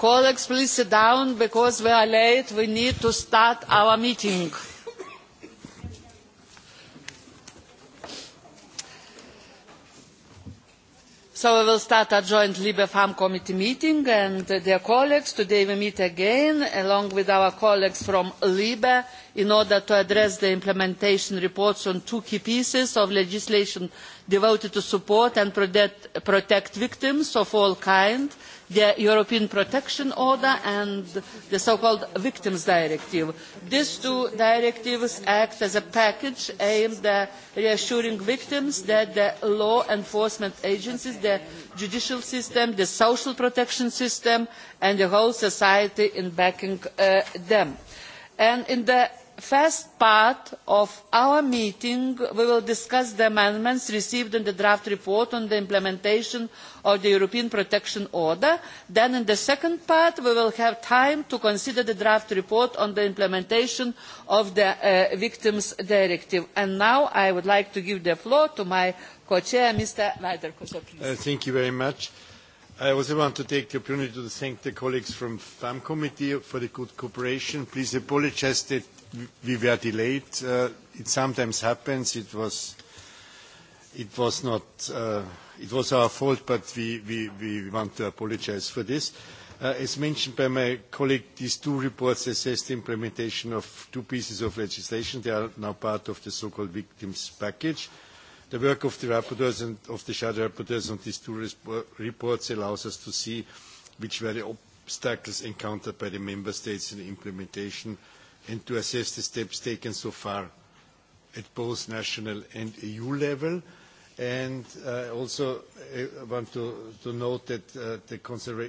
colleagues please sit down because we are late we need to start our meeting so we will start our joint libe farm committee meeting and uh, dear colleagues today we meet again along with our colleagues from libe in order to address the implementation reports on two key pieces of legislation devoted to support and protect victims of all kinds the European Protection Order and the so-called Victims Directive. These two directives act as a package aimed at reassuring victims that the law enforcement agencies, the judicial system, the social protection system and the whole society in backing uh, them. And in the first part of our meeting we will discuss the amendments received in the draft report on the implementation of the european protection order. then in the second part we will have time to consider the draft report on the implementation of the uh, victims directive. and now i would like to give the floor to my co chair mr vidal quadras. i also want to take the opportunity to thank the colleagues from the femm committee for the good cooperation. please apologise that we were delayed. Uh, it sometimes happens. It was, it was not, uh, it was our fault, but we, we, we want to apologize for this. Uh, as mentioned by my colleague, these two reports assess the implementation of two pieces of legislation. They are now part of the so-called victims package. The work of the rapporteurs and of the shadow rapporteurs on these two reports allows us to see which were the obstacles encountered by the member states in the implementation uh, and to assess the steps taken so far at both national and EU level. And uh, also, I uh, want to, to note that uh, the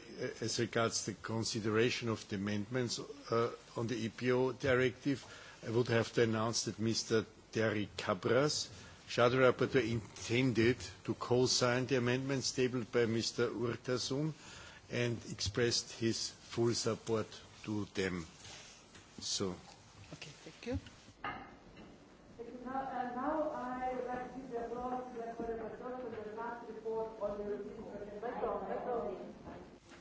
uh, as regards the consideration of the amendments uh, on the EPO directive, I would have to announce that Mr. Terry Cabras, Shadow Rapporteur, intended to co-sign the amendments tabled by Mr. Urtasun and expressed his full support to them. So. Okay, thank you.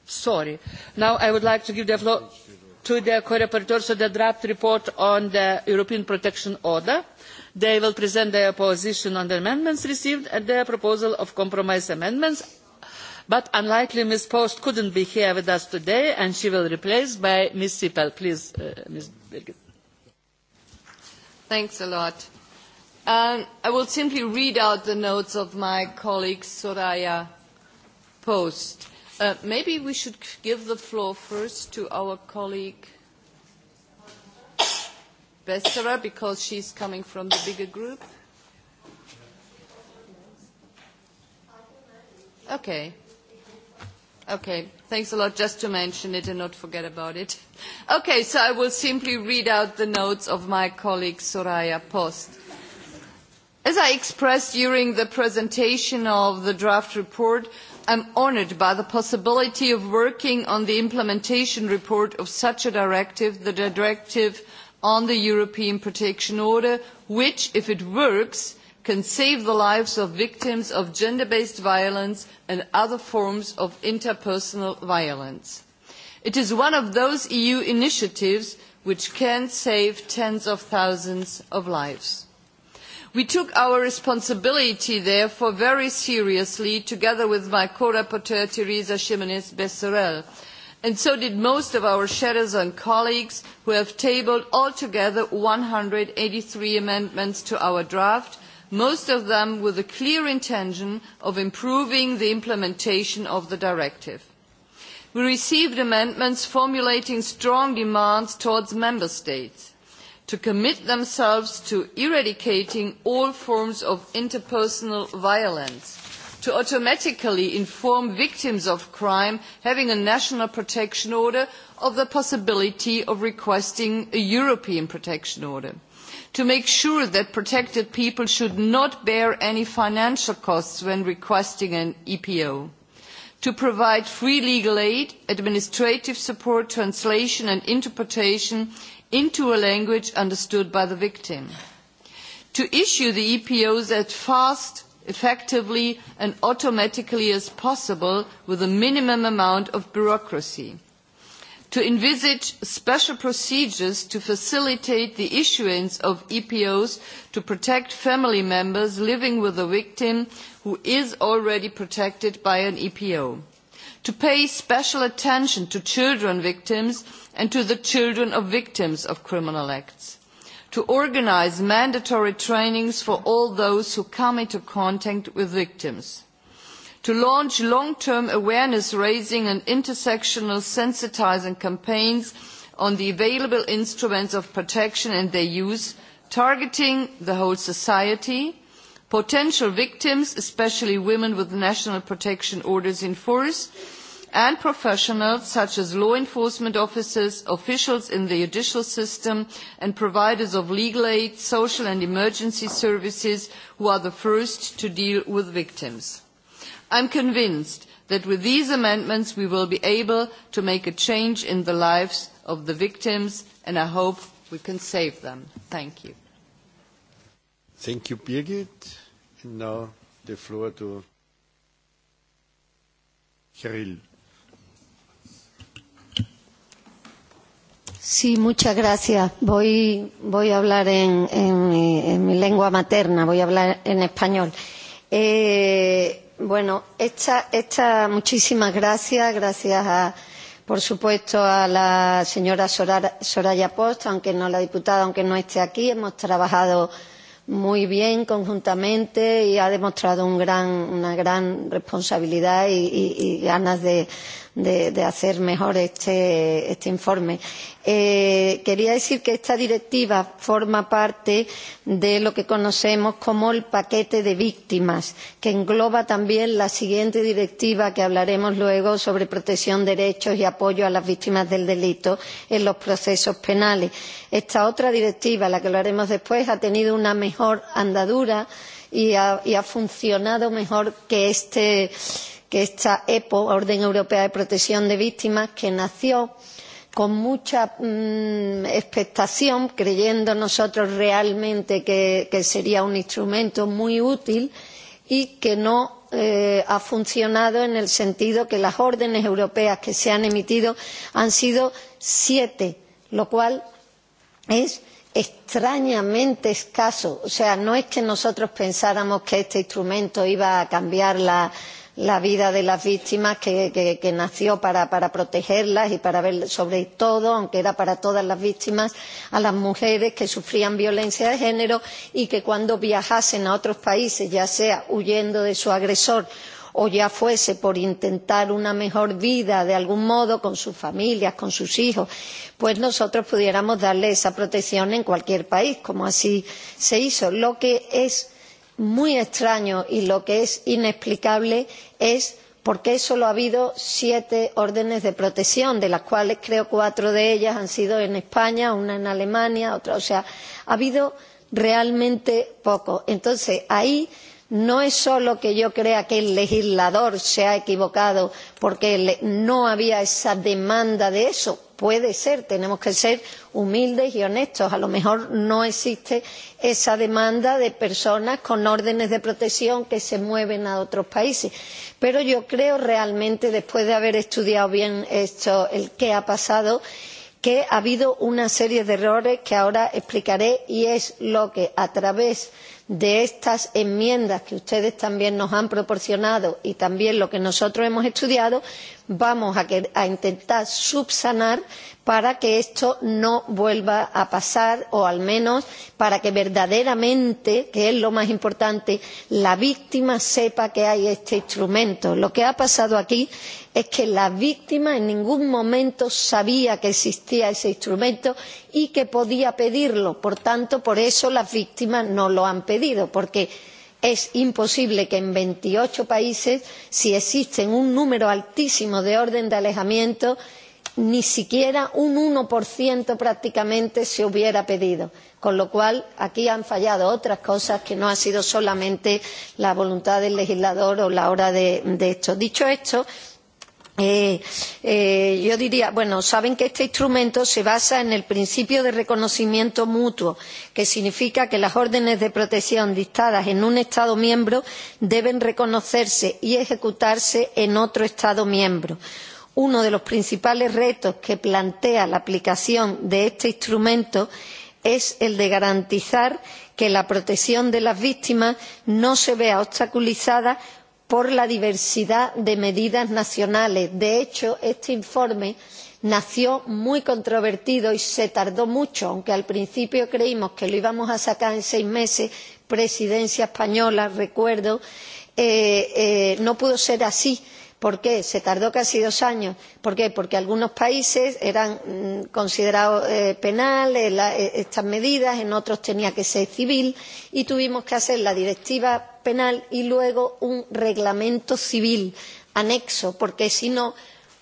Sorry. Now I would like to give the floor to the co-reporters of the draft report on the European Protection Order. They will present their position on the amendments received and their proposal of compromise amendments but unfortunately ms post could not be here with us today and she will be replaced by ms sippel. Uh, um, i will simply read out the notes of my colleague soraya post. Uh, maybe we should give the floor first to our colleague besseres because she is coming from the bigger group. okay. Okay. Thanks a lot. Just to mention it and not forget about it. Okay, so I will simply read out the notes of my colleague Soraya Post. As I expressed during the presentation of the draft report, I'm honored by the possibility of working on the implementation report of such a directive, the directive on the European Protection Order, which, if it works, can save the lives of victims of gender-based violence and other forms of interpersonal violence. It is one of those EU initiatives which can save tens of thousands of lives. We took our responsibility, therefore, very seriously, together with my co-rapporteur, Teresa Ximenez Becerel, and so did most of our shadows and colleagues, who have tabled altogether 183 amendments to our draft, most of them with a clear intention of improving the implementation of the directive. We received amendments formulating strong demands towards member states to commit themselves to eradicating all forms of interpersonal violence, to automatically inform victims of crime having a national protection order of the possibility of requesting a European protection order to make sure that protected people should not bear any financial costs when requesting an EPO, to provide free legal aid, administrative support, translation and interpretation into a language understood by the victim, to issue the EPOs as fast, effectively and automatically as possible with a minimum amount of bureaucracy, to envisage special procedures to facilitate the issuance of epos to protect family members living with a victim who is already protected by an epo to pay special attention to children victims and to the children of victims of criminal acts to organise mandatory trainings for all those who come into contact with victims to launch long term awareness raising and intersectional sensitising campaigns on the available instruments of protection and their use targeting the whole society potential victims especially women with national protection orders in force and professionals such as law enforcement officers officials in the judicial system and providers of legal aid social and emergency services who are the first to deal with victims i am convinced that with these amendments we will be able to make a change in the lives of the victims and i hope we can save them. thank you. thank you, birgit. and now the floor to kirill. Sí, muchas gracias. Voy, voy a hablar en, en, en mi lengua materna, voy a hablar en español. Eh, Bueno, esta, esta, muchísimas gracias. Gracias, a, por supuesto, a la señora Sorar, Soraya Post, aunque no la diputada, aunque no esté aquí. Hemos trabajado muy bien conjuntamente y ha demostrado un gran, una gran responsabilidad y, y, y ganas de, de, de hacer mejor este, este informe. Eh, quería decir que esta directiva forma parte de lo que conocemos como el paquete de víctimas, que engloba también la siguiente directiva que hablaremos luego sobre protección de derechos y apoyo a las víctimas del delito en los procesos penales. Esta otra directiva, la que hablaremos después, ha tenido una mejor andadura y ha, y ha funcionado mejor que este que esta EPO, Orden Europea de Protección de Víctimas, que nació con mucha mmm, expectación, creyendo nosotros realmente que, que sería un instrumento muy útil y que no eh, ha funcionado en el sentido que las órdenes europeas que se han emitido han sido siete, lo cual es extrañamente escaso. O sea, no es que nosotros pensáramos que este instrumento iba a cambiar la, la vida de las víctimas que, que, que nació para, para protegerlas y para ver sobre todo aunque era para todas las víctimas a las mujeres que sufrían violencia de género y que cuando viajasen a otros países ya sea huyendo de su agresor o ya fuese por intentar una mejor vida de algún modo con sus familias, con sus hijos, pues nosotros pudiéramos darle esa protección en cualquier país, como así se hizo. Lo que es muy extraño y lo que es inexplicable es por qué solo ha habido siete órdenes de protección de las cuales creo que cuatro de ellas han sido en españa una en alemania otra o sea ha habido realmente poco. entonces ahí no es solo que yo crea que el legislador se ha equivocado porque no había esa demanda de eso puede ser tenemos que ser humildes y honestos a lo mejor no existe esa demanda de personas con órdenes de protección que se mueven a otros países pero yo creo realmente después de haber estudiado bien esto el qué ha pasado que ha habido una serie de errores que ahora explicaré y es lo que a través de estas enmiendas que ustedes también nos han proporcionado y también lo que nosotros hemos estudiado vamos a intentar subsanar para que esto no vuelva a pasar o al menos para que verdaderamente que es lo más importante la víctima sepa que hay este instrumento. Lo que ha pasado aquí es que la víctima en ningún momento sabía que existía ese instrumento y que podía pedirlo. Por tanto, por eso las víctimas no lo han pedido porque es imposible que en veintiocho países si existe un número altísimo de órdenes de alejamiento ni siquiera un uno prácticamente se hubiera pedido con lo cual aquí han fallado otras cosas que no ha sido solamente la voluntad del legislador o la hora de esto. dicho esto Eh, eh, yo diría, bueno, saben que este instrumento se basa en el principio de reconocimiento mutuo, que significa que las órdenes de protección dictadas en un Estado miembro deben reconocerse y ejecutarse en otro Estado miembro. Uno de los principales retos que plantea la aplicación de este instrumento es el de garantizar que la protección de las víctimas no se vea obstaculizada por la diversidad de medidas nacionales. de hecho este informe nació muy controvertido y se tardó mucho aunque al principio creímos que lo íbamos a sacar en seis meses presidencia española recuerdo eh, eh, no pudo ser así por qué se tardó casi dos años? por qué? porque en algunos países eran mm, consideradas eh, penales e, estas medidas en otros tenía que ser civil y tuvimos que hacer la directiva penal y luego un reglamento civil anexo porque si no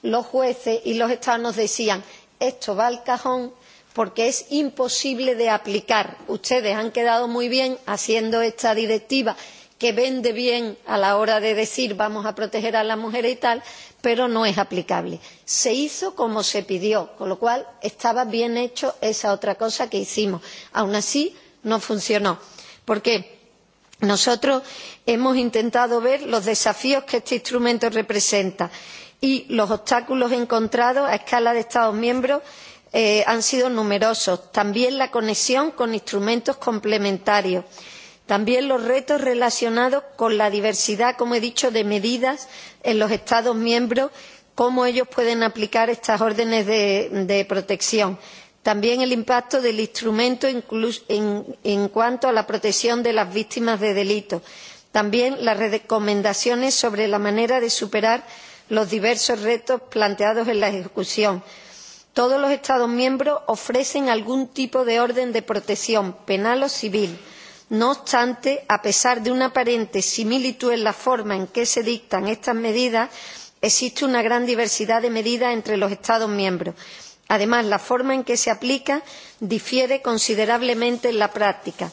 los jueces y los estados nos decían esto va al cajón porque es imposible de aplicar. Ustedes han quedado muy bien haciendo esta directiva que vende bien a la hora de decir vamos a proteger a las mujeres y tal pero no es aplicable. se hizo como se pidió con lo cual estaba bien hecho esa otra cosa que hicimos. aun así no funcionó porque nosotros hemos intentado ver los desafíos que este instrumento representa y los obstáculos encontrados a escala de estados miembros eh, han sido numerosos. también la conexión con instrumentos complementarios. También los retos relacionados con la diversidad, como he dicho, de medidas en los Estados miembros, cómo ellos pueden aplicar estas órdenes de, de protección. También el impacto del instrumento incluso en, en cuanto a la protección de las víctimas de delitos. También las recomendaciones sobre la manera de superar los diversos retos planteados en la ejecución. Todos los Estados miembros ofrecen algún tipo de orden de protección, penal o civil. No obstante, a pesar de una aparente similitud en la forma en que se dictan estas medidas, existe una gran diversidad de medidas entre los Estados miembros. Además, la forma en que se aplica difiere considerablemente en la práctica.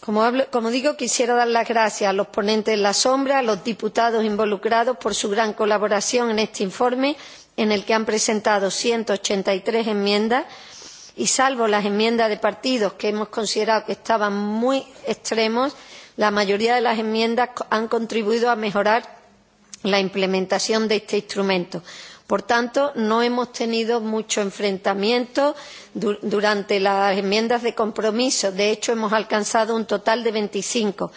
Como, hablo, como digo, quisiera dar las gracias a los ponentes en la sombra, a los diputados involucrados por su gran colaboración en este informe, en el que han presentado 183 enmiendas, y salvo las enmiendas de partidos que hemos considerado que estaban muy extremos la mayoría de las enmiendas han contribuido a mejorar la implementación de este instrumento. Por tanto, no hemos tenido mucho enfrentamiento du durante las enmiendas de compromiso. De hecho, hemos alcanzado un total de 25.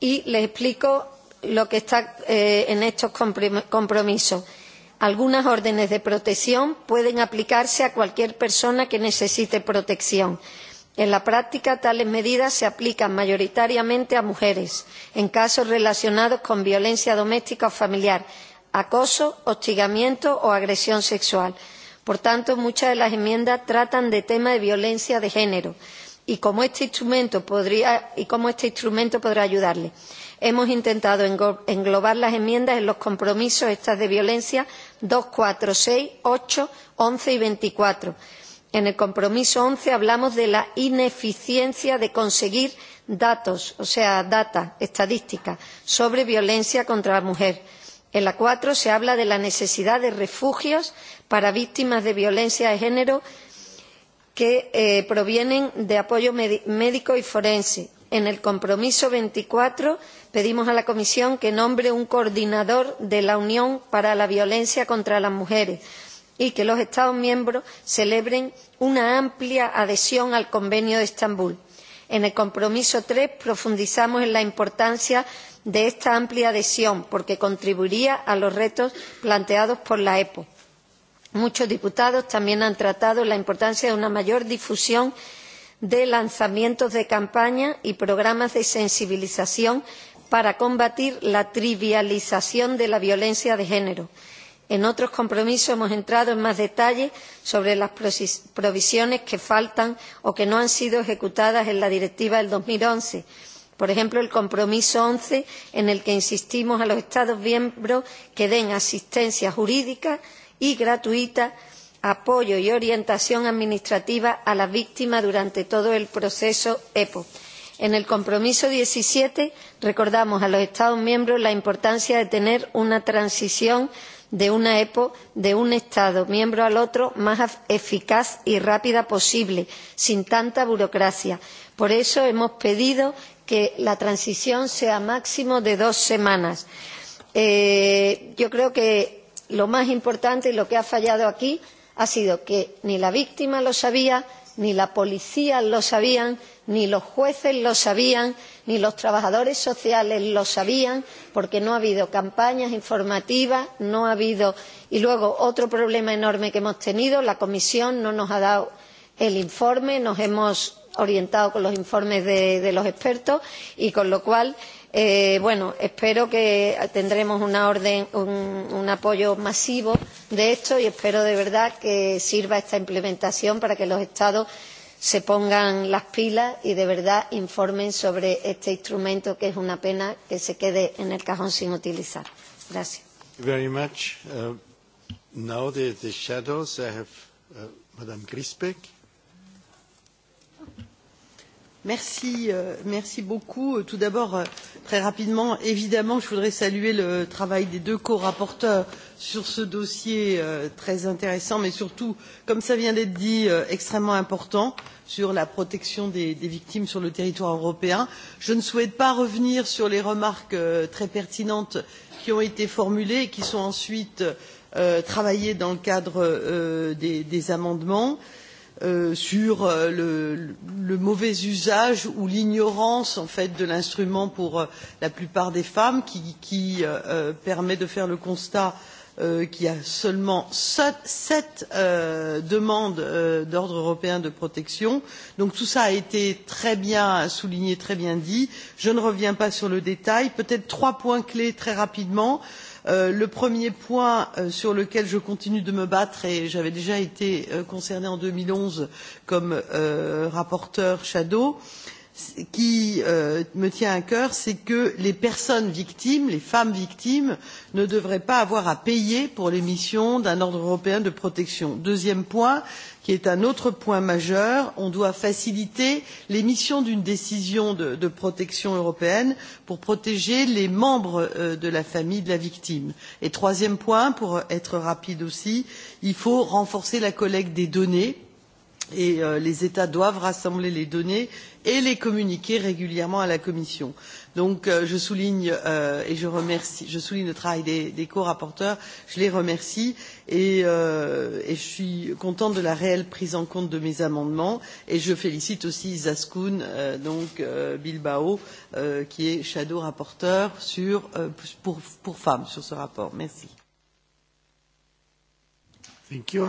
Y les explico lo que está eh, en estos comprom compromisos algunas órdenes de protección pueden aplicarse a cualquier persona que necesite protección. en la práctica tales medidas se aplican mayoritariamente a mujeres en casos relacionados con violencia doméstica o familiar acoso hostigamiento o agresión sexual. por tanto muchas de las enmiendas tratan de temas de violencia de género y cómo este instrumento podría, y cómo este instrumento podrá ayudarle. Hemos intentado englobar las enmiendas en los compromisos estas de violencia dos cuatro seis ocho once y. veinticuatro en el compromiso once hablamos de la ineficiencia de conseguir datos o sea data estadística sobre violencia contra la mujer. en la cuatro se habla de la necesidad de refugios para víctimas de violencia de género que eh, provienen de apoyo médico y forense en el compromiso veinticuatro pedimos a la comisión que nombre un coordinador de la unión para la violencia contra las mujeres y que los estados miembros celebren una amplia adhesión al convenio de estambul. en el compromiso tres profundizamos en la importancia de esta amplia adhesión porque contribuiría a los retos planteados por la oep. muchos diputados también han tratado la importancia de una mayor difusión de lanzamientos de campañas y programas de sensibilización para combatir la trivialización de la violencia de género. en otros compromisos hemos entrado en más detalle sobre las provisiones que faltan o que no han sido ejecutadas en la directiva de dos mil once por ejemplo el compromiso once en el que insistimos a los estados miembros que den asistencia jurídica y gratuita apoyo y orientación administrativa a las víctimas durante todo el proceso EPO. En el compromiso diecisiete recordamos a los Estados miembros la importancia de tener una transición de una EPO de un Estado miembro al otro más eficaz y rápida posible, sin tanta burocracia. Por eso hemos pedido que la transición sea máximo de dos semanas. Eh, yo creo que lo más importante y lo que ha fallado aquí ha sido que ni la víctima lo sabía ni la policía lo sabía ni los jueces lo sabían ni los trabajadores sociales lo sabían porque no ha habido campañas informativas no ha habido y luego otro problema enorme que hemos tenido la comisión no nos ha dado el informe nos hemos orientado con los informes de los expertos y con lo cual Eh, bueno espero que tendremos una orden un, un apoyo masivo de esto y espero de verdad que sirva esta implementación para que los estados se pongan las pilas y de verdad informen sobre este instrumento que es una pena que se quede en el cajón sin utilizar. Gracias. Very much. Uh, now the, the shadows I have uh, Madame Griesbeck. Euh, euh, tout d'abord euh, très rapidement évidemment je voudrais saluer le travail des deux corapporteurs sur ce dossier très intéressant mais surtout comme cela vient d'être dit extrêmement important sur la protection des victimes sur le territoire européen. je ne souhaite pas revenir sur les remarques très pertinentes qui ont été formulées et qui sont ensuite travaillées dans le cadre des amendements. je voudrais simplement dire Euh, sur euh, le, le mauvais usage ou l'ignorance en fait de l'instrument pour euh, la plupart des femmes qui, qui euh, euh, permet de faire le constat euh, qu'il y a seulement sept, sept euh, demandes euh, d'ordre européen de protection. Donc tout ça a été très bien souligné, très bien dit. Je ne reviens pas sur le détail. Peut-être trois points clés très rapidement. Euh, Euh, le premier point euh, sur lequel je continue de me battre et j'avais déjà été euh, concernée en deux mille onze comme rapporteure fictive qui euh, me tient à cœur, c'est que les personnes victimes, les femmes victimes, ne devraient pas avoir à payer pour l'émission d'un ordre européen de protection. Deuxième point, qui est un autre point majeur, on doit faciliter l'émission d'une décision de, de protection européenne pour protéger les membres euh, de la famille de la victime. Et troisième point, pour être rapide aussi, il faut renforcer la collecte des données et euh, les états doivent rassembler les données et les communiquer régulièrement à la commission. donc euh, je souligne euh, et je remercie je souligne le travail des, des corapporteurs je les remercie et, euh, et je suis contente de la réelle prise en compte de mes amendements et je félicite aussi Zaskun euh, donc euh, Bilbao euh, qui est shadow rapporteur sur euh, pour pour femmes sur ce rapport merci Thank you.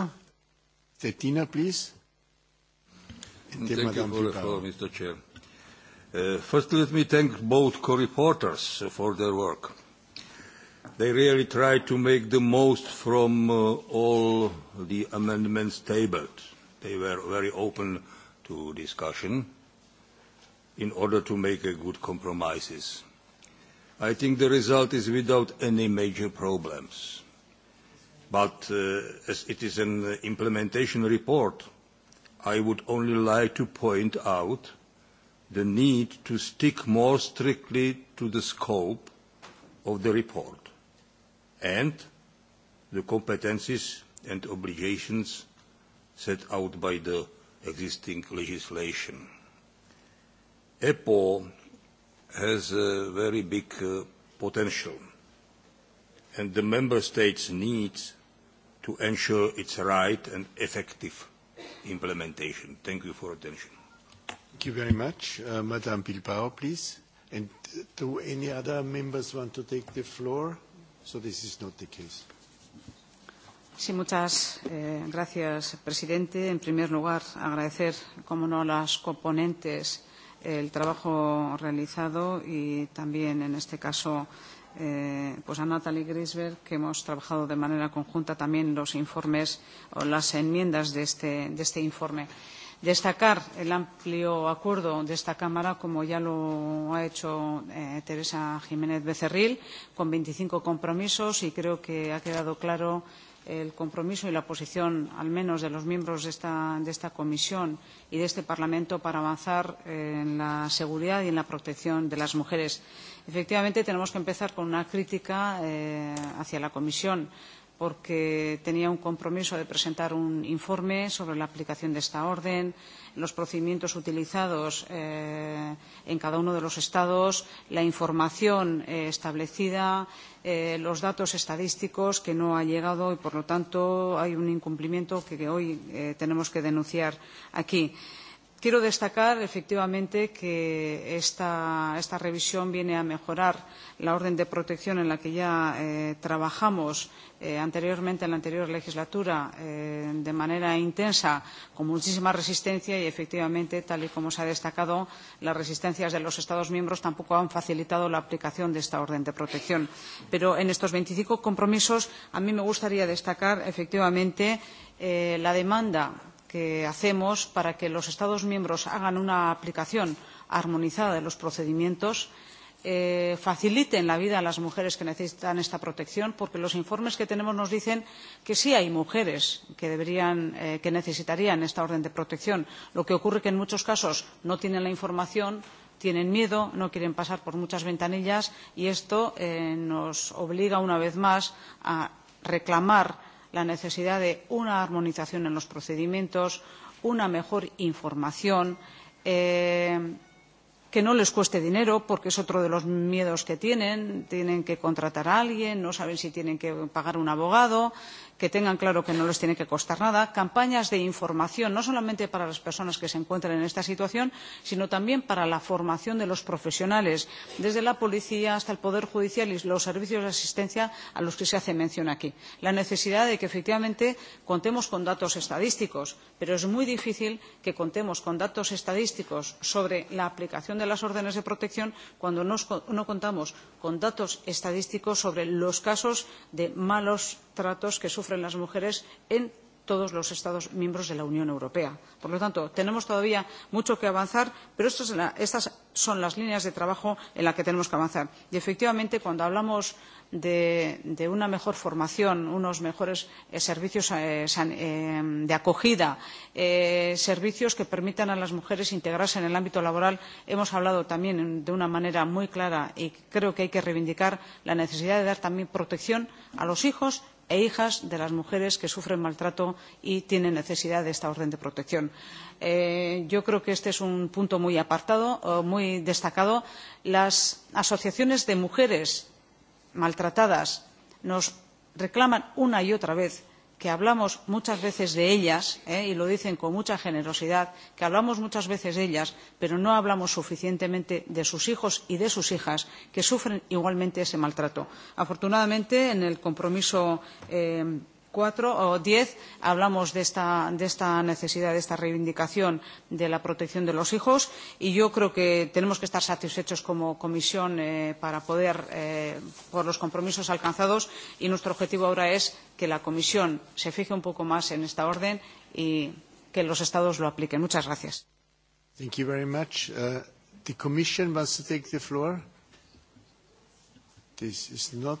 Cetina, please. Thank Madame you for, for Mr. Chair. Uh, first, let me thank both co-reporters for their work. They really tried to make the most from uh, all the amendments tabled. They were very open to discussion in order to make a good compromises. I think the result is without any major problems. But uh, as it is an implementation report, I would only like to point out the need to stick more strictly to the scope of the report and the competencies and obligations set out by the existing legislation. EPO has a very big uh, potential and the Member States needs to ensure its right and effective implementation. Thank you for attention. Thank you very much. Uh, Madame Bilbao, please. And do any other members want to take the floor? So this is not the case. Sí, muchas eh, gracias, presidente. En primer lugar, agradecer, como no, a las componentes el trabajo realizado y también, en este caso, eh, pues a Natalie Grisberg, que hemos trabajado de manera conjunta también los informes o las enmiendas de este, de este informe. Destacar el amplio acuerdo de esta Cámara, como ya lo ha hecho eh, Teresa Jiménez Becerril, con 25 compromisos y creo que ha quedado claro el compromiso y la posición, al menos de los miembros de esta, de esta comisión y de este Parlamento, para avanzar en la seguridad y en la protección de las mujeres efectivamente tenemos que empezar con una crítica eh, hacia la Comisión porque tenía un compromiso de presentar un informe sobre la aplicación de esta orden, los procedimientos utilizados eh, en cada uno de los estados, la información eh, establecida, eh, los datos estadísticos que no ha llegado y, por lo tanto, hay un incumplimiento que, que hoy eh, tenemos que denunciar aquí. Eh, quiero destacar efectivamente que esta revisión viene a mejorar la orden de protección en la que ya eh, trabajamos eh, anteriormente en la anterior legislatura eh, de manera intensa con muchísima resistencia y efectivamente tal y como se ha destacado las resistencias de los estados miembros tampoco han facilitado la aplicación de esta orden de protección. pero en estos veinticinco compromisos a mí me gustaría destacar efectivamente la demanda que hacemos para que los Estados miembros hagan una aplicación armonizada de los procedimientos eh, faciliten la vida a las mujeres que necesitan esta protección, porque los informes que tenemos nos dicen que sí hay mujeres que, deberían, eh, que necesitarían esta orden de protección. Lo que ocurre es que en muchos casos no tienen la información, tienen miedo, no quieren pasar por muchas ventanillas y esto eh, nos obliga una vez más a reclamar la necesidad de una armonización en los procedimientos, una mejor información, eh, que no les cueste dinero, porque es otro de los miedos que tienen. Tienen que contratar a alguien, no saben si tienen que pagar un abogado que tengan claro que no les tiene que costar nada campañas de información no solamente para las personas que se encuentran en esta situación sino también para la formación de los profesionales desde la policía hasta el poder judicial y los servicios de asistencia a los que se hace mención aquí la necesidad de que efectivamente contemos con datos estadísticos pero es muy difícil que contemos con datos estadísticos sobre la aplicación de las órdenes de protección cuando no contamos con datos estadísticos sobre los casos de malos tratos que sufren las mujeres en todos los estados miembros de la unión europea. por lo tanto tenemos todavía mucho que avanzar pero estas son las líneas de trabajo en las que tenemos que avanzar. y efectivamente cuando hablamos de una mejor formación unos mejores eh, servicios eh, eh, de acogida servicios que permitan a las mujeres integrarse en el ámbito laboral hemos hablado también de una manera muy clara y creo que hay que reivindicar la necesidad de dar también protección a los hijos e hijas de las mujeres que sufren maltrato y tienen necesidad de esta orden de protección. Eh, yo creo que este es un punto muy apartado muy destacado. las asociaciones de mujeres maltratadas nos reclaman una y otra vez que hablamos muchas veces de ellas ¿eh? y lo dicen con mucha generosidad que hablamos muchas veces de ellas pero no hablamos suficientemente de sus hijos y de sus hijas que sufren igualmente ese maltrato. afortunadamente en el compromiso eh, cuatro o diez hablamos de esta, de esta necesidad, de esta reivindicación de la protección de los hijos y yo creo que tenemos que estar satisfechos como comisión eh, para poder, eh, por los compromisos alcanzados y nuestro objetivo ahora es que la comisión se fije un poco más en esta orden y que los estados lo apliquen. Muchas gracias. Thank you very much. Uh, the commission wants to take the floor. This is not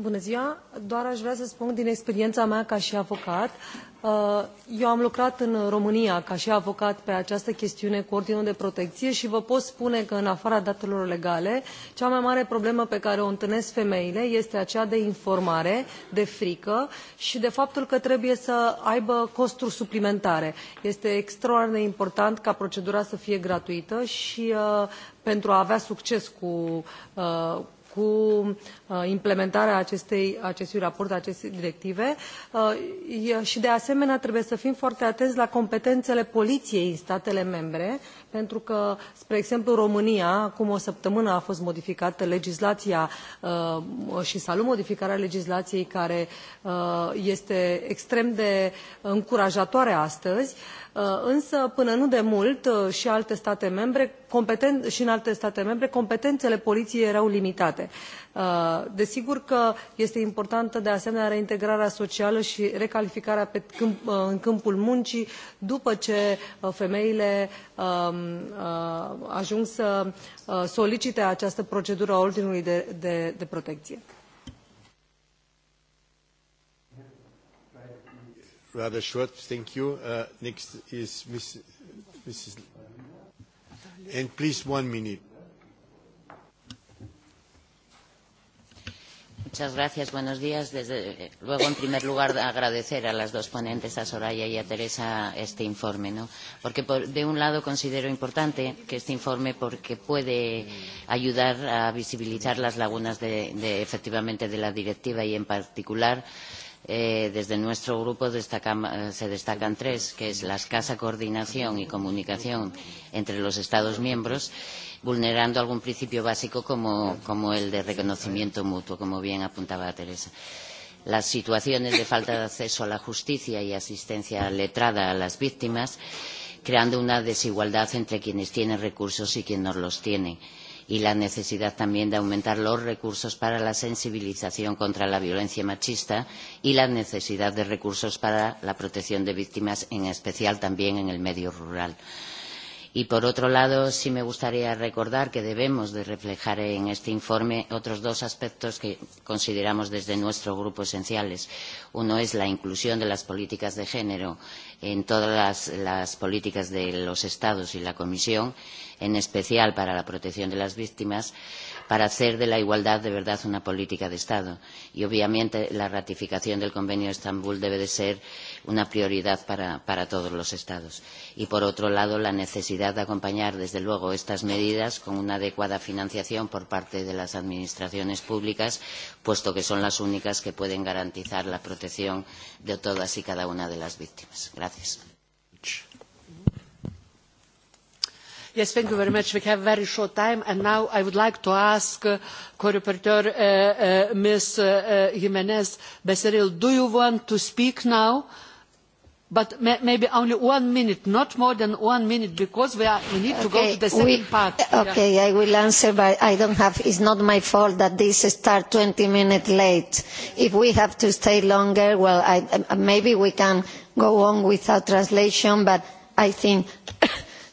Bună ziua! Doar aș vrea să spun din experiența mea ca și avocat. Uh, eu am lucrat în România ca și avocat pe această chestiune cu ordinul de protecție și vă pot spune că în afara datelor legale, cea mai mare problemă pe care o întâlnesc femeile este aceea de informare, de frică și de faptul că trebuie să aibă costuri suplimentare. Este extraordinar de important ca procedura să fie gratuită și uh, pentru a avea succes cu, uh, cu uh, implementarea acestei, acestui raport, acestei directive. Uh, și de asemenea trebuie să fim foarte atenți la competențele poliției în statele membre, pentru că, spre exemplu, România, acum o săptămână a fost modificată legislația uh, și s-a luat modificarea legislației care uh, este extrem de încurajatoare astăzi, uh, însă până nu de mult și alte state membre competen- și în alte state membre competențele poliției erau limitate. Desigur că este importantă de asemenea reintegrarea socială și recalificarea pe câmp, în câmpul muncii după ce femeile um, uh, ajuns să uh, solicite această procedură a ordinului de, de, de protecție. Rather short, thank you. Uh, next is Miss, Mrs. And please, one minute. Muchas gracias. Buenos días. Desde, luego, en primer lugar, agradecer a las dos ponentes, a Soraya y a Teresa, este informe. ¿no? Porque, por, de un lado, considero importante que este informe porque puede ayudar a visibilizar las lagunas de, de, efectivamente de la directiva y, en particular, Eh, desde nuestro grupo destaca, eh, se destacan tres, que es la escasa coordinación y comunicación entre los Estados miembros, vulnerando algún principio básico como, como el de reconocimiento mutuo, como bien apuntaba Teresa. Las situaciones de falta de acceso a la justicia y asistencia letrada a las víctimas, creando una desigualdad entre quienes tienen recursos y quienes no los tienen y la necesidad también de aumentar los recursos para la sensibilización contra la violencia machista y la necesidad de recursos para la protección de víctimas, en especial también en el medio rural. Y por otro lado, sí me gustaría recordar que debemos de reflejar en este informe otros dos aspectos que consideramos desde nuestro grupo esenciales. Uno es la inclusión de las políticas de género en todas las, las políticas de los Estados y la Comisión, en especial para la protección de las víctimas, para hacer de la igualdad de verdad una política de Estado. Y obviamente la ratificación del convenio de Estambul debe de ser una prioridad para, para todos los Estados. Y por otro lado la necesidad de acompañar desde luego estas medidas con una adecuada financiación por parte de las administraciones públicas puesto que son las únicas que pueden garantizar la protección de todas y cada una de las víctimas. Gracias. Gracias yes thank you very much we have very short time and now i would like to ask uh, correporteur uh, uh, ms jimnez becerril do you want to speak now but maybe only one minute not more than one minute because we need to go to the second part. okay i will answer but i don't have it's not my fault that this starts twenty minutes late if we have to stay longer well I, maybe we can go on without translation but i think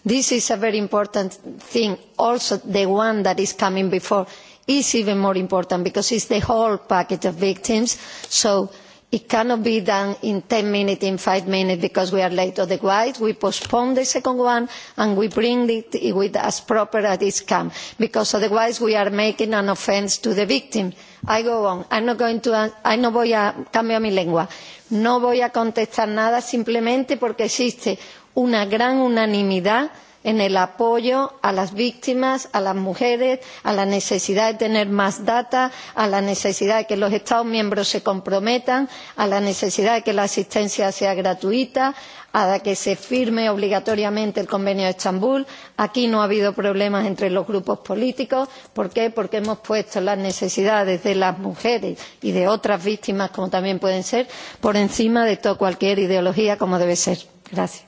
this is a very important thing also the one that is coming before is even more important because it is the whole package of victims so it cannot be done in ten minutes in five minutes because we are late otherwise we postpone the second one and we bring it with as proper as it can because otherwise we are making an offence to the victim I go on. I'm not going to, I no voy a, cambio mi lengua. No voy a contestar nada simplemente porque existe una gran unanimidad en el apoyo a las víctimas a las mujeres a la necesidad de tener más datos a la necesidad de que los estados miembros se comprometan a la necesidad de que la asistencia sea gratuita a que se firme obligatoriamente el convenio de estambul. aquí no ha habido problemas entre los grupos políticos. por qué? porque hemos puesto las necesidades de las mujeres y de otras víctimas como también pueden ser por encima de cualquier ideología como debe ser. gracias.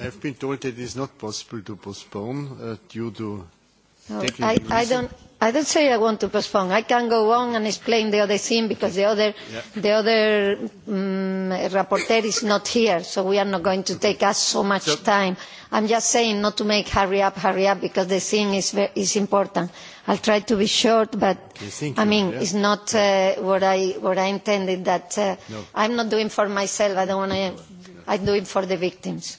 I've been told that it is not possible to postpone uh, due to. No, I, I don't. I don't say I want to postpone. I can go on and explain the other thing because the other yeah. the other um, rapporteur is not here, so we are not going to take us so much so, time. I'm just saying not to make hurry up, hurry up, because the thing is very, is important. I'll try to be short, but okay, I mean yeah. it's not uh, what I what I intended. That uh, no. I'm not doing for myself. I don't want to. No. I'm doing for the victims.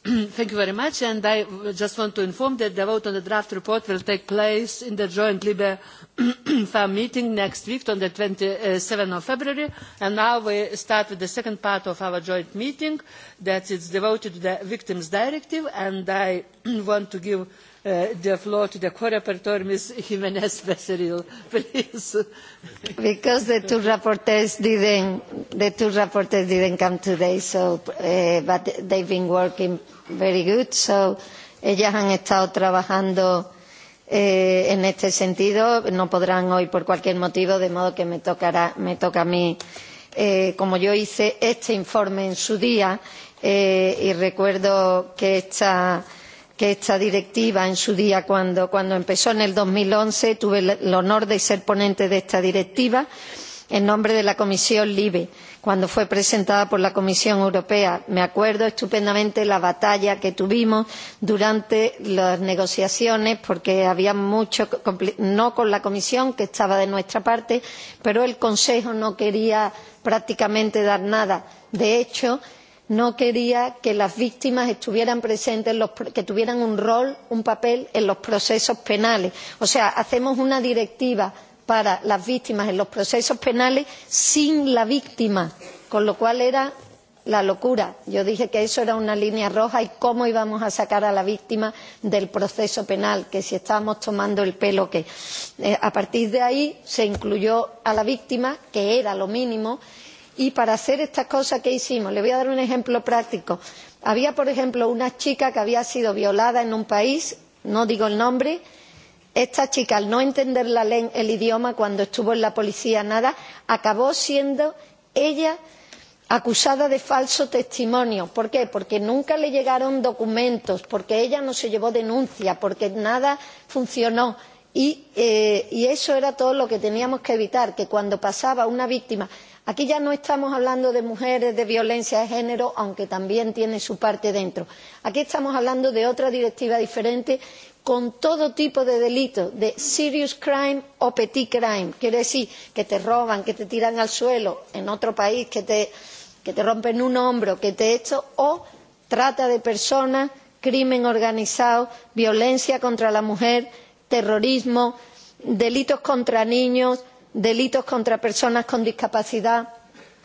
thank you very much and i just want to inform that the vote on the draft report will take place in the joint libe femm meeting next week on twenty seven february and now we start with the second part of our joint meeting that is devoted to the victims' directive and i want to give the eh, floor to the co-rapporteur ms jimenez becerril please because the two rapporteurs didn't the two rapporteurs didn't come today so uh, but they've been working very good so ellas han estado trabajando eh, en este sentido no podrán hoy por cualquier motivo de modo que me tocará me toca a mí eh, como yo hice este informe en su día eh, y recuerdo que esta que esta directiva en su día cuando empezó en dos mil once tuve el honor de ser ponente de esta directiva en nombre de la comisión libe cuando fue presentada por la comisión europea. me acuerdo estupendamente de la batalla que tuvimos durante las negociaciones porque había mucho no con la comisión que estaba de nuestra parte pero el consejo no quería prácticamente dar nada. de hecho en no quería que las víctimas estuvieran presentes que tuvieran un rol un papel en los procesos penales o sea hacemos una directiva para las víctimas en los procesos penales sin la víctima con lo cual era la locura yo dije que eso era una línea roja y cómo íbamos a sacar a la víctima del proceso penal que si estábamos tomando el pelo que eh, a partir de ahí se incluyó a la víctima que era lo mínimo y para hacer estas cosas qué hicimos? le voy a dar un ejemplo práctico había por ejemplo una chica que había sido violada en un país no digo el nombre esta chica al no entender la lengua, el idioma cuando estuvo en la policía nada acabó siendo ella acusada de falso testimonio. ¿Por qué? Porque nunca le llegaron documentos, porque ella no se llevó denuncia, porque nada funcionó. Y, eh, y eso era todo lo que teníamos que evitar, que cuando pasaba una víctima Aquí ya no estamos hablando de mujeres, de violencia de género, aunque también tiene su parte dentro. Aquí estamos hablando de otra directiva diferente con todo tipo de delitos, de serious crime o petit crime. Quiere decir que te roban, que te tiran al suelo en otro país, que te, que te rompen un hombro, que te esto, o trata de personas, crimen organizado, violencia contra la mujer, terrorismo, delitos contra niños, delitos contra personas con discapacidad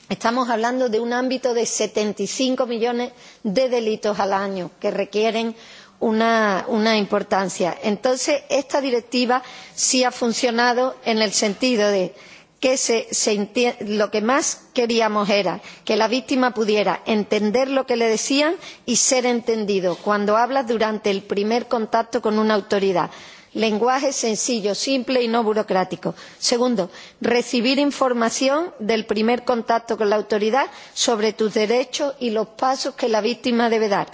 estamos hablando de un ámbito de setenta y cinco millones de delitos al año que requieren una importancia. entonces esta directiva sí ha funcionado en el sentido de que se, se, lo que más queríamos era que la víctima pudiera entender lo que le decían y ser entendida cuando habla durante el primer contacto con una autoridad lenguaje sencillo simple y no burocrático; segundo recibir información del primer contacto con la autoridad sobre tus derechos y los pasos que la víctima debe dar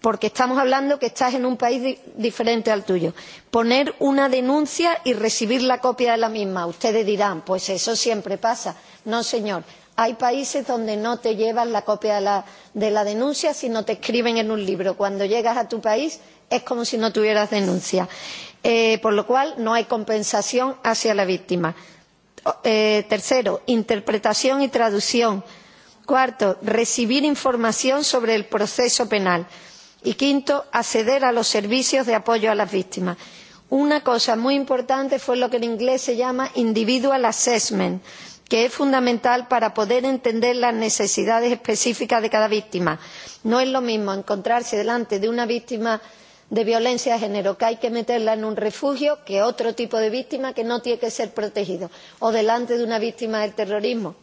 porque estamos hablando de que estás en un país di diferente al tuyo; poner una denuncia y recibir la copia de la misma. ustedes dirán pues eso siempre pasa. no señor. Hay países donde no te llevan la copia de la, de la denuncia, sino te escriben en un libro. Cuando llegas a tu país es como si no tuvieras denuncia eh, por lo cual no hay compensación hacia la víctima. Eh, tercero, interpretación y traducción. Cuarto, recibir información sobre el proceso penal. Y quinto, acceder a los servicios de apoyo a las víctimas. Una cosa muy importante fue lo que en inglés se llama individual assessment, que es fundamental para poder entender las necesidades específicas de cada víctima. No es lo mismo encontrarse delante de una víctima de violencia de género, que hay que meterla en un refugio, que otro tipo de víctima que no tiene que ser protegido, o delante de una víctima del terrorismo.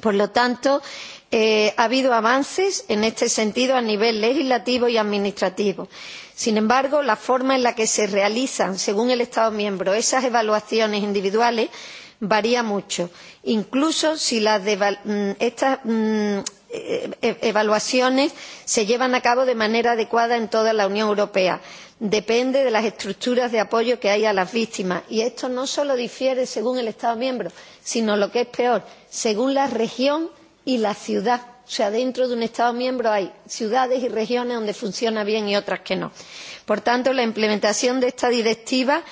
Por lo tanto, eh, ha habido avances en este sentido a nivel legislativo y administrativo. Sin embargo, la forma en la que se realizan, según el Estado miembro, esas evaluaciones individuales varía mucho. Incluso si las mm, estas mmm, E, e, evaluaciones se llevan a cabo de manera adecuada en toda la unión europea depende de las estructuras de apoyo que hay a las víctimas y esto no solo difiere según el estado miembro sino lo que es peor según la región y la ciudad o sea dentro de un estado miembro hay ciudades y regiones donde funciona bien y otras que no. por tanto la implementación de esta directiva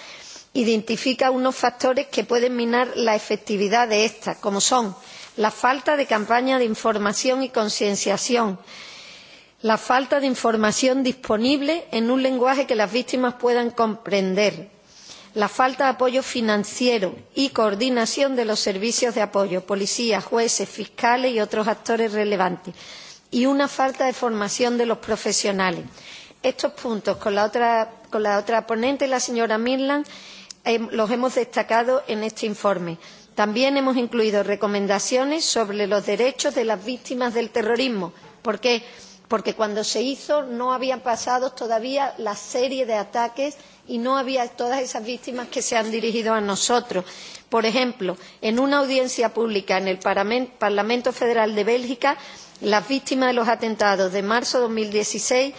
identifica unos factores que pueden minar la efectividad de esta como son la falta de campaña de información y concienciación, la falta de información disponible en un lenguaje que las víctimas puedan comprender, la falta de apoyo financiero y coordinación de los servicios de apoyo, policía, jueces, fiscales y otros actores relevantes, y una falta de formación de los profesionales. Estos puntos, con la otra, con la otra ponente, la señora Mirland, los hemos destacado en este informe. también hemos incluido recomendaciones sobre los derechos de las víctimas del terrorismo porque cuando se hizo no habían pasado todavía la serie de ataques y no había todas esas víctimas que se han dirigido a nosotros. por ejemplo en una audiencia pública en el parlamento federal de bélgica las víctimas de los atentados de marzo de dos mil dieciseis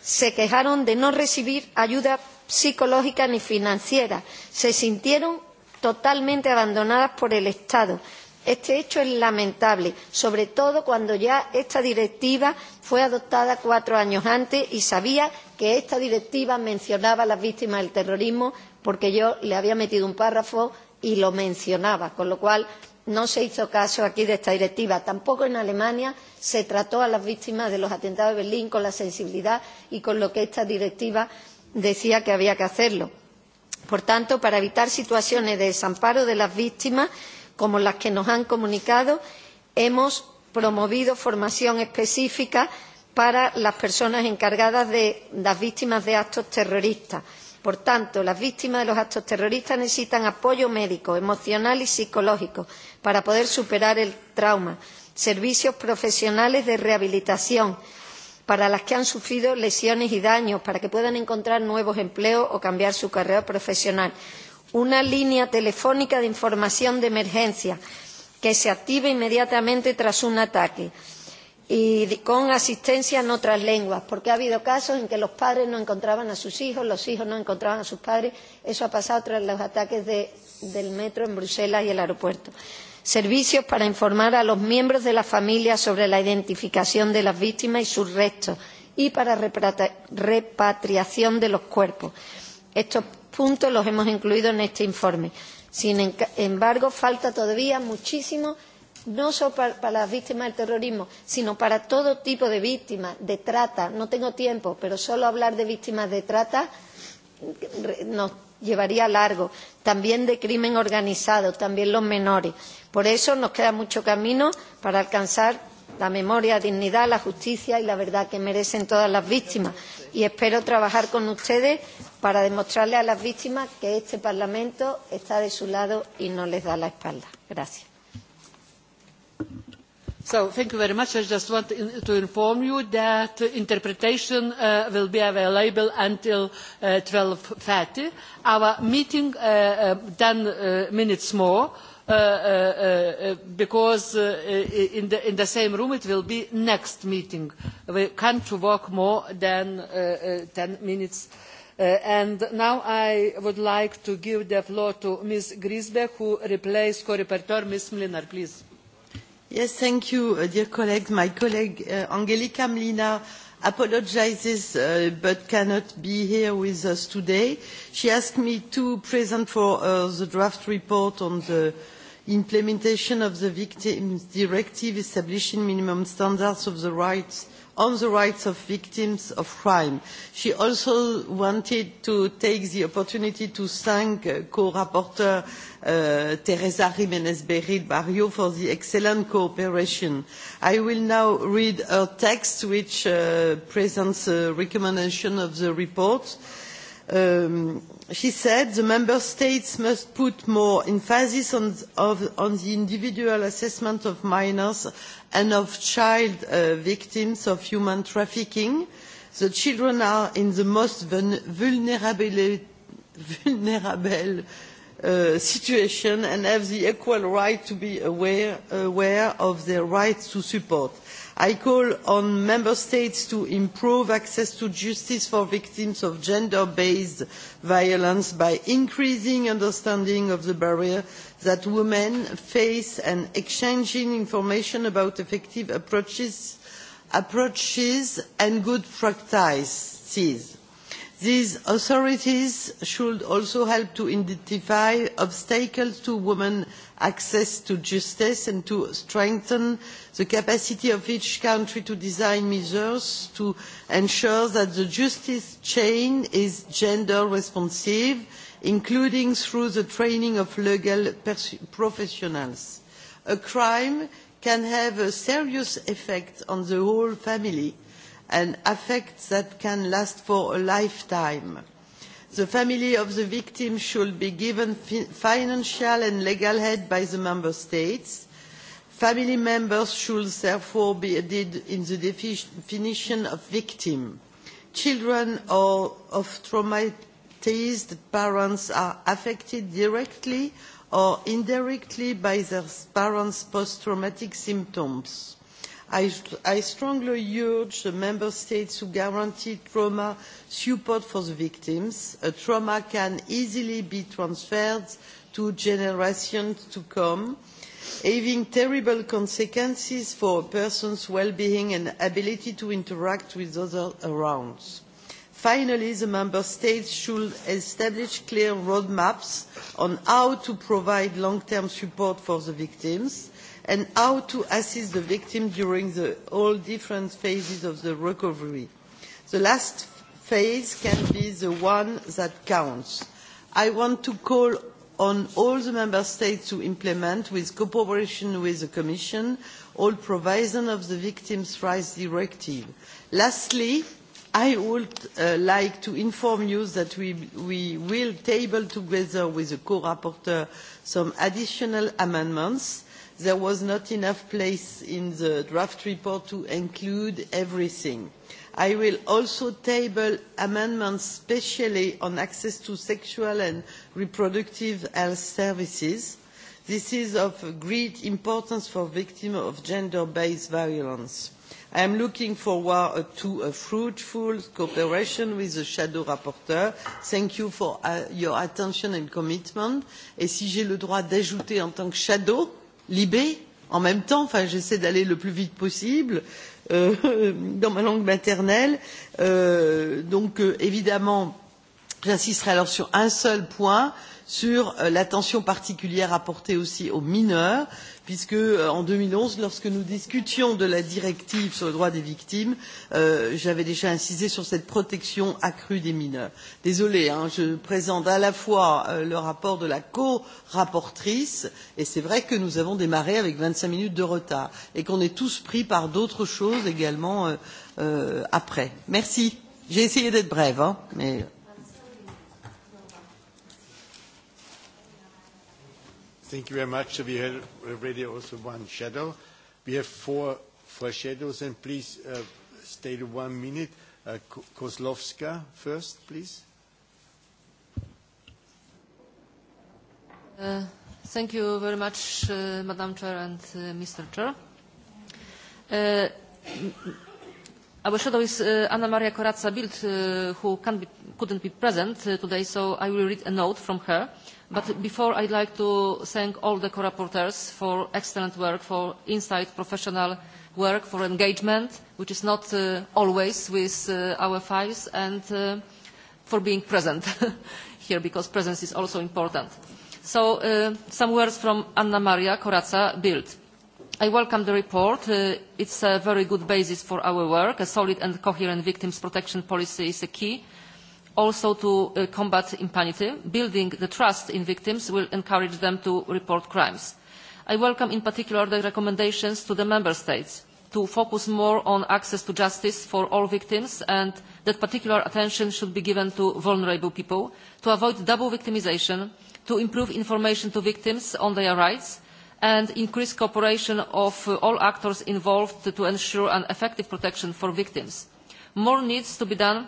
se quejaron de no recibir ayuda psicológica ni financiera. Se sintieron totalmente abandonadas por el Estado. Este hecho es lamentable, sobre todo cuando ya esta directiva fue adoptada cuatro años antes y sabía que esta directiva mencionaba a las víctimas del terrorismo porque yo le había metido un párrafo y lo mencionaba, con lo cual no se hizo caso aquí de esta directiva. Tampoco en Alemania se trató a las víctimas de los atentados de Berlín con la sensibilidad y con lo que esta directiva decía que había que hacerlo. Por tanto, para evitar situaciones de desamparo de las víctimas como las que nos han comunicado, hemos promovido formación específica para las personas encargadas de las víctimas de actos terroristas. Por tanto, las víctimas de los actos terroristas necesitan apoyo médico, emocional y psicológico para poder superar el trauma, servicios profesionales de rehabilitación, para las que han sufrido lesiones y daños, para que puedan encontrar nuevos empleos o cambiar su carrera profesional. Una línea telefónica de información de emergencia que se active inmediatamente tras un ataque y con asistencia en otras lenguas, porque ha habido casos en que los padres no encontraban a sus hijos, los hijos no encontraban a sus padres. Eso ha pasado tras los ataques de, del metro en Bruselas y el aeropuerto servicios para informar a los miembros de las familias sobre la identificación de las víctimas y sus restos y para la repatriación de los cuerpos. estos puntos los hemos incluido en este informe. sin embargo falta todavía muchísimo no solo para las víctimas del terrorismo sino para todo tipo de víctimas de trata. no tengo tiempo pero solo hablar de víctimas de trata nos llevaría largo también de crimen organizado también los menores. por eso nos queda mucho camino para alcanzar la memoria la dignidad la justicia y la verdad que merecen todas las víctimas y espero trabajar con ustedes para demostrarles a las víctimas que este parlamento está de su lado y no les da la espalda. gracias. Thank you very much. I just want to inform you that interpretation uh, will be available until 12:30 uh, P.M. Our meeting, 10 uh, minutes more, because in the same room it will be next meeting. We can't work more than 10 minutes. Now I would like to give the floor to Ms. Grizbė, who replaced Corrie Pretorius. Ms. Mlinar, please thank you uh, dear colleagues my colleague uh, angelika mlina apologises uh, but cannot be here with us today. she asked me to present for her the draft report on the implementation of the victims directive establishing minimum standards of the rights of on the rights of victims of crime. She also wanted to take the opportunity to thank uh, co-rapporteur uh, Teresa Jiménez-Berit Barrio for the excellent cooperation. I will now read her text which uh, presents a recommendation of the report. Um, she said the member states must put more emphasis on the individual assessment of minors and of child uh, victims of human trafficking. the children are in the most vulnerable uh, situation and have the equal right to be aware of their right to support i call on member states to improve access to justice for victims of gender based violence by increasing understanding of the barriers that women face and exchanging information about effective approaches and good practices these authorities should also help to identify obstacles to women's access to justice and to strengthen the capacity of each country to design measures to ensure that the justice chain is gender responsive including through the training of legal professionals. a crime can have a serious effect on the whole family an effect that can last for a lifetime. The family of the victim should be given fi financial and legal aid by the member states. Family members should therefore be added in the definition of victim. Children or of traumatized parents are affected directly or indirectly by their parents' post-traumatic symptoms i strongly urge the member states to guarantee trauma support for the victims. A trauma can easily be transferred to generations to come, having terrible consequences for a person's well-being and ability to interact with others around. Finally, the member states should establish clear roadmaps on how to provide long-term support for the victims and how to assist the victim during the, all different phases of the recovery. The last phase can be the one that counts. I want to call on all the Member States to implement, with cooperation with the Commission, all provisions of the Victims' Rights Directive. Lastly, I would uh, like to inform you that we, we will table together with the co-rapporteur some additional amendments there was not enough place in the draft report to include everything. I will also table amendments specially on access to sexual and reproductive health services. This is of great importance for victims of gender-based violence. I am looking forward to a fruitful cooperation with the shadow rapporteur. Thank you for uh, your attention and commitment. Et si j'ai le droit d'ajouter en tant que shadow, libe en même temps enfin j'essaie d'aller le plus vite possible euh, dans ma langue maternelle euh, donc euh, évidemment j'insisterai alors sur un seul point à savoir sur euh, l'attention particulière apportée aussi aux mineurs, puisque euh, en 2011, lorsque nous discutions de la directive sur le droit des victimes, euh, j'avais déjà insisté sur cette protection accrue des mineurs. Désolée, hein, je présente à la fois euh, le rapport de la co-rapportrice, et c'est vrai que nous avons démarré avec 25 minutes de retard, et qu'on est tous pris par d'autres choses également euh, euh, après. Merci. J'ai essayé d'être brève, hein, mais... Thank you very much. Have you heard already also one shadow? We have four, four shadows, and please uh, stay to one minute. Uh, Kozlovska first, please. Uh, thank you very much, uh, Madam Chair and uh, Mr. Chair. Uh, our shadow is uh, Anna Maria Corazza-Bild, uh, who can't be couldn't be present uh, today, so I will read a note from her. But before, I'd like to thank all the co-rapporteurs for excellent work, for insight, professional work, for engagement, which is not uh, always with uh, our files, and uh, for being present here, because presence is also important. So uh, some words from Anna Maria Koraca Bild. I welcome the report. Uh, it's a very good basis for our work. A solid and coherent victims protection policy is a key also to uh, combat impunity. Building the trust in victims will encourage them to report crimes. I welcome in particular the recommendations to the Member States to focus more on access to justice for all victims and that particular attention should be given to vulnerable people to avoid double victimization, to improve information to victims on their rights and increase cooperation of uh, all actors involved to ensure an effective protection for victims. More needs to be done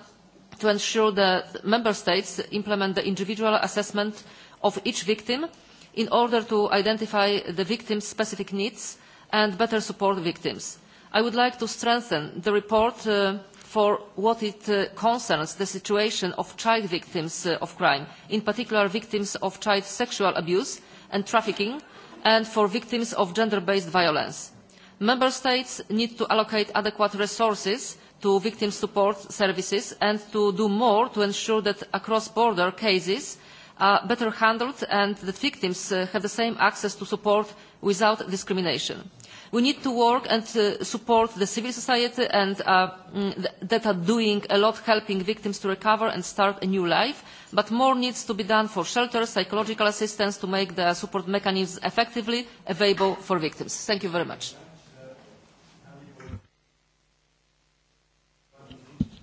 to ensure that member states implement the individual assessment of each victim in order to identify the victim's specific needs and better support victims. I would like to strengthen the report uh, for what it uh, concerns the situation of child victims uh, of crime, in particular victims of child sexual abuse and trafficking, and for victims of gender-based violence. Member states need to allocate adequate resources to victim support services and to do more to ensure that across-border cases are better handled and that victims uh, have the same access to support without discrimination. We need to work and uh, support the civil society and uh, mm, th that are doing a lot helping victims to recover and start a new life, but more needs to be done for shelters, psychological assistance to make the support mechanisms effectively available for victims. Thank you very much.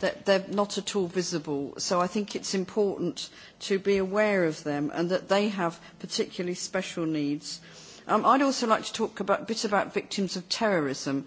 they're, they're not at all visible. So I think it's important to be aware of them and that they have particularly special needs. Um, I'd also like to talk about, a bit about victims of terrorism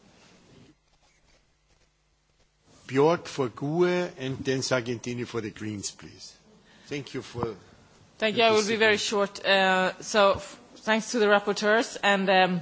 Björk for GUE and then Sargentini for the Greens, please. Thank you for. Thank you. I will be very short. Uh, so, f- thanks to the rapporteurs and. Um,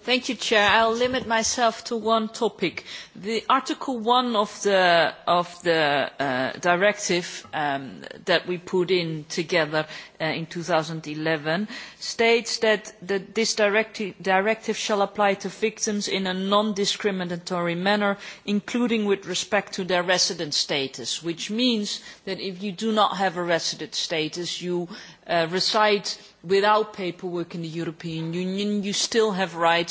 Thank you, Chair. I'll limit myself to one topic. The Article 1 of the, of the uh, directive um, that we put in together uh, in 2011 states that the, this directi directive shall apply to victims in a non-discriminatory manner, including with respect to their resident status, which means that if you do not have a resident status, you uh, reside without paperwork in the European Union, you still have rights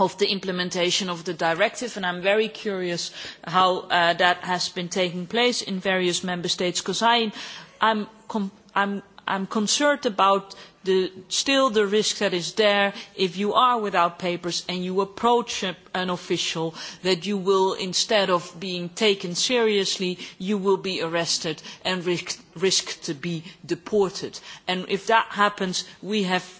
of the implementation of the directive and i am very curious how uh, that has been taking place in various member states because i am concerned about the, still the risk that is there if you are without papers and you approach a, an official that you will instead of being taken seriously you will be arrested and risk, risk to be deported and if that happens we have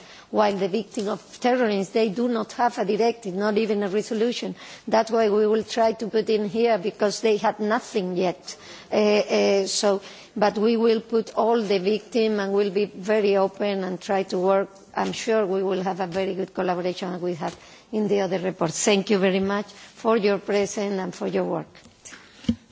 while the victims of terrorism do not have a directive not even a resolution. that is why we will try to put it in here because they have nothing yet. Uh, uh, so, but we will put all the victims and we will be very open and try to work. i am sure we will have a very good collaboration as we have in the other reports. thank you very much for your presence and for your work.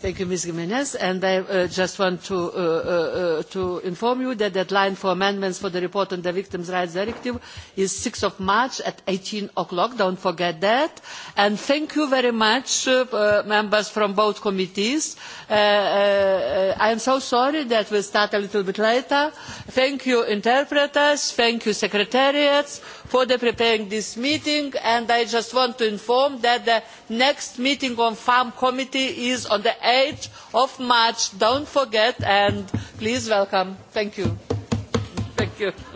Thank you, Ms. Jimenez. And I uh, just want to, uh, uh, uh to inform you that the deadline for amendments for the report on the Victims' Rights Directive is 6th of March at 18 o'clock. Don't forget that. And thank you very much, uh, uh, members from both committees. Uh, uh, I am so sorry that we start a little bit later. Thank you, interpreters. Thank you, secretariats for preparing this meeting and i just want to inform you that the next meeting of the femm committee is on eight march do not forget and please welcome. thank you.